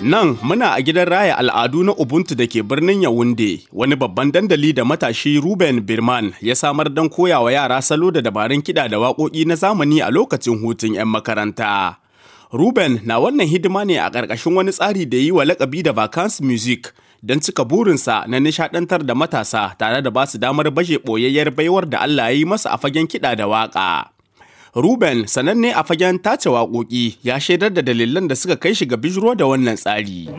Nan muna a gidan raya al'adu na Ubuntu da ke birnin Yawunde, wani babban dandali da matashi Ruben Birman ya samar don koyawa yara salo da dabarun kiɗa da waƙoƙi na zamani a lokacin hutun 'yan makaranta. Ruben na wannan hidima ne a ƙarƙashin wani tsari da yi wa lakabi da Vacans Music don cika burinsa na nishaɗantar da matasa tare da ba su damar baje ɓoyayyar baiwar da Allah ya yi masa a fagen kiɗa da waƙa. Ruben sananne a fagen tace waƙoƙi ya shaidar da dalilan da suka kai shi ga bijiro da wannan tsari.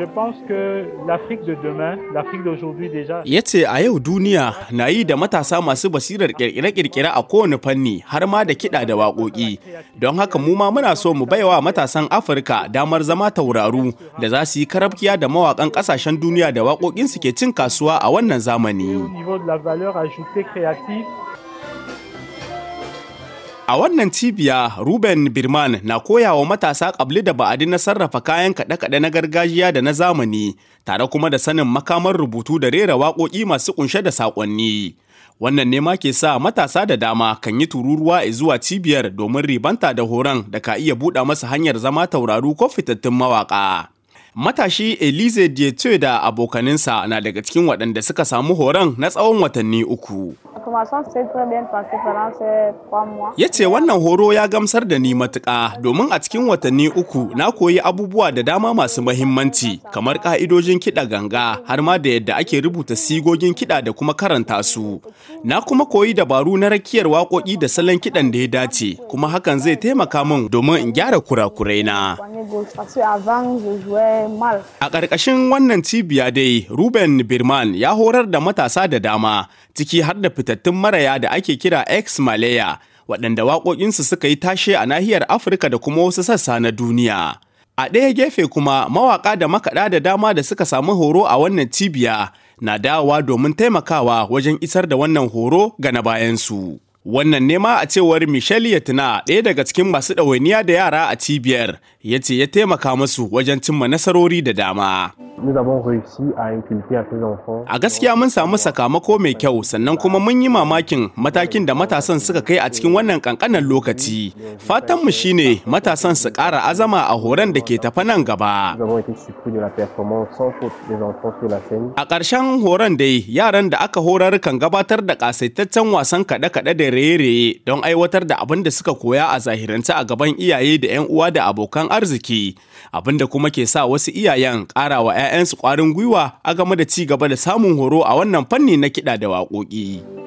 Ya ce a yau duniya na yi da matasa masu basirar ƙirƙire-ƙirƙire a kowane fanni har ma da kiɗa da waƙoƙi. Don haka mu ma muna so mu baiwa matasan Afirka damar zama tauraru da za su yi karabkiya da mawaƙan ƙasashen duniya da waƙoƙinsu ke cin kasuwa a wannan zamani. A wannan cibiya, Ruben Birman na koya wa matasa ƙabli da ba'adi na sarrafa kayan kaɗe-kaɗe na gargajiya da na zamani, tare kuma da sanin makamar rubutu da rera waƙoƙi masu ƙunshe da saƙonni. Wannan ne ma ke sa matasa da dama kan yi tururuwa zuwa cibiyar domin ribanta da horon da ka iya buɗa masa hanyar zama tauraru ko fitattun mawaƙa. Matashi Elize Dieto da abokaninsa na daga cikin waɗanda suka samu horon na tsawon watanni uku. Ya ce wannan horo ya gamsar da ni matuƙa domin a cikin watanni uku na koyi abubuwa da dama masu mahimmanci kamar ƙa'idojin kiɗa ganga har ma da yadda ake rubuta sigogin kiɗa da kuma karanta su. Na kuma koyi dabaru na rakiyar waƙoƙi da salon kiɗan da ya dace kuma hakan zai taimaka min domin in gyara kurakurai na. A ƙarƙashin wannan cibiya dai Ruben Birman ya horar da matasa da dama ciki har da fitattun fitattun maraya da ake kira ex malaya waɗanda waƙoƙinsu suka yi tashe a nahiyar afirka da kuma wasu sassa na duniya a ɗaya gefe kuma mawaƙa da makaɗa da dama da suka samu horo a wannan cibiya na dawowa domin taimakawa wajen isar da wannan horo ga na bayansu wannan nema a cewar michelle yatina ɗaya daga cikin masu ɗawainiya da yara a cibiyar ya ce ya taimaka musu wajen cimma nasarori da dama A gaskiya mun samu sakamako mai kyau sannan kuma mun yi mamakin matakin da matasan suka kai a cikin wannan kankanan lokaci. Fatanmu shine matasan su ƙara azama a horon da ke tafa nan gaba. A ƙarshen horon dai yaran da aka horar kan gabatar da ƙasaitaccen wasan kaɗe-kaɗe da raye-raye don aiwatar da abin da suka koya a zahirance a gaban iyaye da 'yan uwa da abokan arziki abin da kuma ke sa wasu iyayen ƙara wa 'ya'ya 'ya'yansu kwarin gwiwa a game da ci gaba da samun horo a wannan fanni na kiɗa da waƙoƙi.